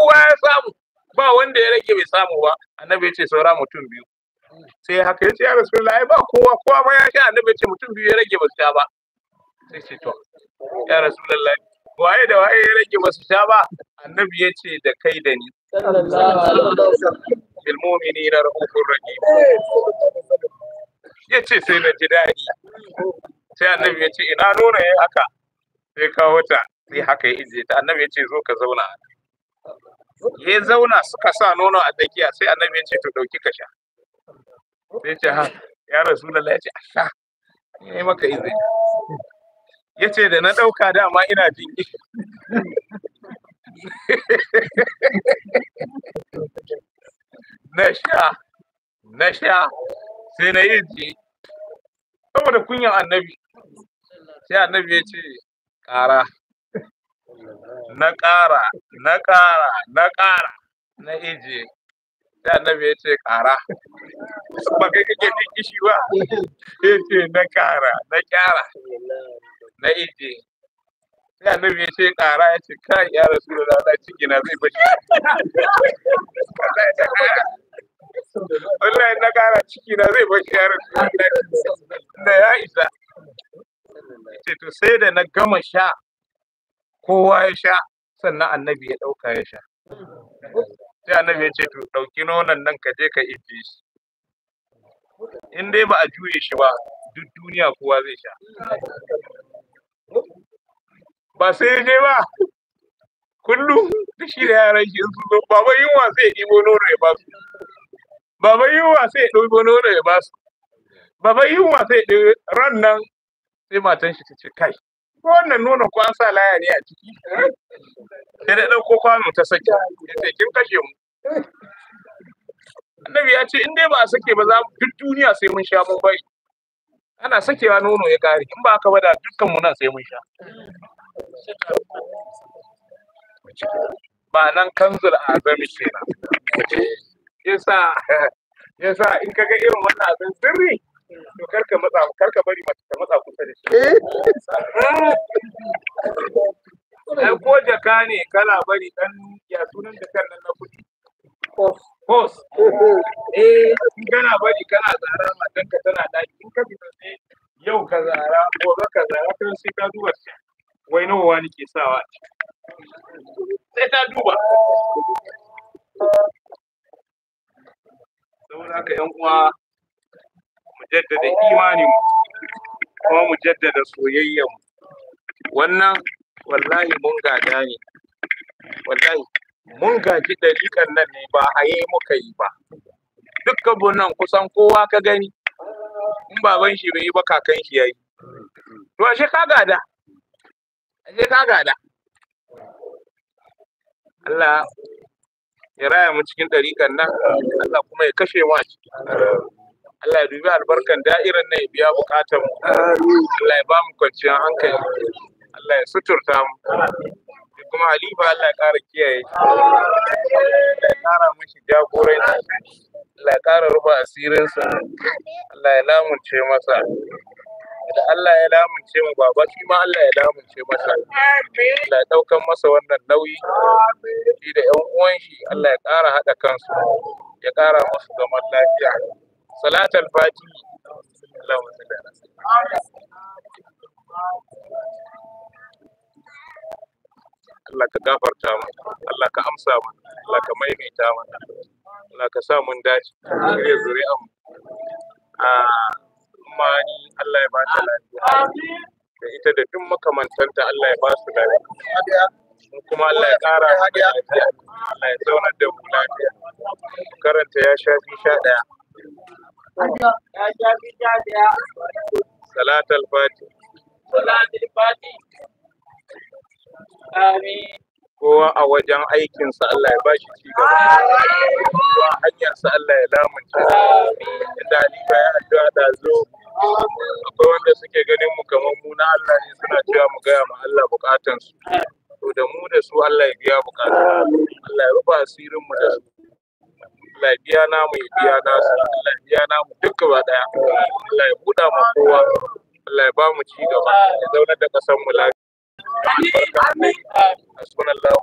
kowa ya samu ba wanda ya rage bai samu ba annabi ya ce saura mutum biyu sai haka ya ce ya rasu lai ba kowa kowa ma ya sha annabi ya ce mutum biyu ya rage ba su sha ba sai ce to ya rasu waye da waye ya rage ba su sha ba annabi ya ce da kai da ni bilmomini na rahufin rahim ya ce sai na ji daɗi sai annabi ya ce ina nuna ya haka sai kawo ta sai haka ya ijiye ta annabi ya ce zo ka zauna a ya zauna suka sa nono a tsakiya sai annabi ya ce to dauki ka sha sai ce ha ya rasulullah ya ce asha sha ne maka izini ya ce da na dauka dama ina jinki na sha na sha sai na yi ji saboda kunyan annabi sai annabi ya ce ƙara na ƙara na ƙara na ƙara na ije sai annabi ya ce ƙara ba kai kake jin kishi ba ya ce na ƙara na ƙara na ije sai annabi ya ce ƙara ya ce kai ya rasu da zata ciki na zai bashi wallahi na ƙara ciki na zai bashi ya rasu da ya isa ce to sai da na gama sha kowa ya sha sannan annabi ya ɗauka ya sha sai annabi ya ce to ɗauki nonon nan ka je ka ije shi in dai ba a juye shi ba duk duniya kowa zai sha ba sai je ba kullum duk shi da yaran shi su zo baba yunwa sai ya ɗibo nono ya ba su baba yunwa sai ya ɗibo nono ya ba su baba yunwa sai ya ɗibo ran nan sai matan shi ta ce kai wannan nono ko an sa laya ne a ciki sai da ɗauko kwano ta sake, ya ce kin kashe mu annabi ya ce in dai ba a sake ba za duk duniya sai mun sha mun bari ana sakewa nono ya kare in ba aka ba da dukkan mu nan sai mun sha ba nan kanzul azami kenan yasa yasa in kaga irin wannan abin sirri to karka matsa karka bari Eh? Ai ko jaka ne kana bari dan ya sunan jakan nan na kuɗi. Hos. Eh in kana bari kana zara matan ka tana daki in ka fita sai yau ka zara gobe ka zara kan sai ka duba wai nawa nake sawa. Sai ta duba. Saboda haka 'yan uwa mu jaddada imanin mu. kuma mu jaddada soyayyen wannan wallahi mun gada ne wallahi mun gaji dalikan nan ne ba a yi muka yi ba dukkan nan kusan kowa ka gani in baban shi bai yi ba kakan shi yayi to ashe ka gada ashe ka gada Allah ya raya mu cikin dariƙan nan Allah kuma ya kashe mu a ciki Allah ya dubi albarkan da'irar nan ya biya bukatar mu Allah ya ba mu kwanciyar hankali Allah ya suturta mu da kuma halifa Allah ya ƙara kiyaye Allah ya ƙara mashi jagoranci Allah ya ƙara asirin asirinsa Allah ya lamunce masa da Allah ya lamunce mu baba shi ma Allah ya lamunce masa Allah ya daukan masa wannan nauyi shi da ƴan uwan shi Allah ya ƙara haɗa kansu ya ƙara musu zaman lafiya صلاة Fati. اللهم صل على Allah ka gafarta mu Allah ka amsa mu Allah ka maimaita mu Allah ka sa dace ya zuri'a mu a mani Allah ya ba ta lafiya da ita da duk makamantanta Allah ya ba su lafiya kuma Allah ya ƙara lafiya Allah ya zaunar da mu lafiya karanta ya shafi sha ɗaya صلاة الفاتح kowa a wajen aikinsa Allah ya ba shi ci gaba kowa hanyarsa Allah ya lamunta inda Alifa ya addu'a da zo akwai wanda suke ganin mu kamar mu na Allah ne suna cewa mu gaya ma Allah bukatansu to da mu da su Allah ya biya bukata Allah ya rufa asirin mu da su lafiya biya na mu biya na su lafiya biya na mu duk gaba daya Allah ya buɗa mu kowa Allah ya ba mu ci gaba ya zauna da kasan mu lafiya. Amin. Amin. Asmanallahu.